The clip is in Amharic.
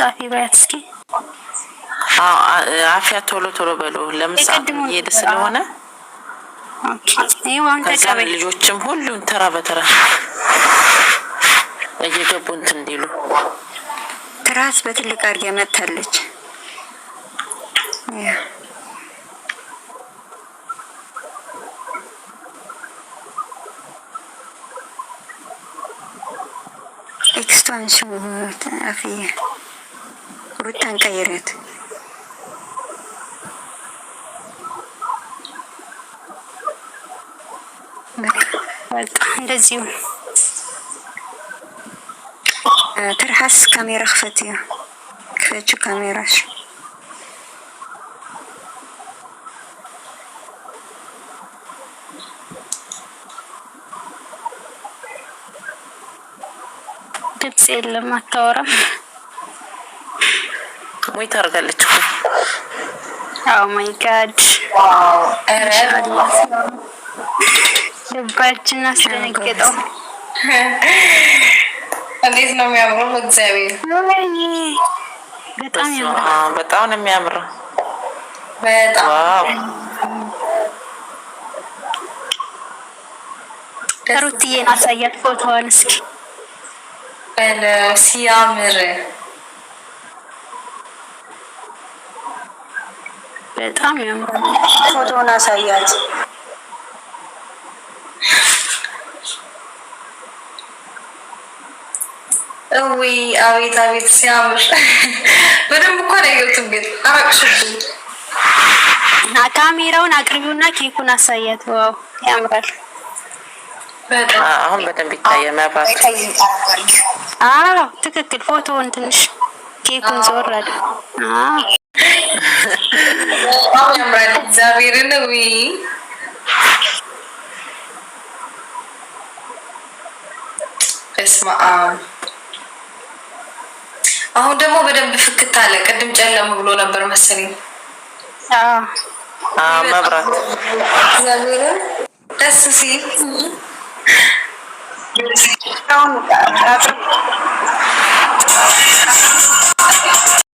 ጻፊ በያት እስኪ። አፍያ ቶሎ ቶሎ በሎ ለምሳ እየሄደ ስለሆነ ከዛም ልጆችም ሁሉም ተራ በተራ እየገቡ እንትን እንዲሉ ትራስ በትልቅ አድርጋ መታለች። ኤክስቶንሱ አፍያ ሩጫን ቀይሬት እንደዚሁ ትርሓስ ካሜራ ክፈት እያ ክፈቹ ካሜራሽ ድምፅ የለም አታወራም ሞይ ታደርጋለች። ኦ ማይ ጋድ ልባችን አስደነገጠው። እንዴት ነው የሚያምረው! እግዚአብሔር በጣም ያምራል። በጣም ነው የሚያምረው። በጣም ሩትዬን አሳያት ፎቶዋን እስኪ ሲያምር በጣም ያምራል። ፎቶውን አሳያት። እዊ አቤት አቤት ሲያምር በደንብ እኮ አላየሁትም፣ ግን አራቅሽብኝ። ካሜራውን አቅርቢውና ኬኩን አሳያት። ዋው ያምራል። አሁን በደንብ ይታየ መብራት። አዎ ትክክል። ፎቶውን ትንሽ ኬኩን ዘወራል። እግዚአብሔርን ወይ እስማ አሁን ደግሞ በደንብ ፍክት አለ። ቅድም ጨለም ብሎ ነበር መሰለኝ። መብራት ደስ ሲል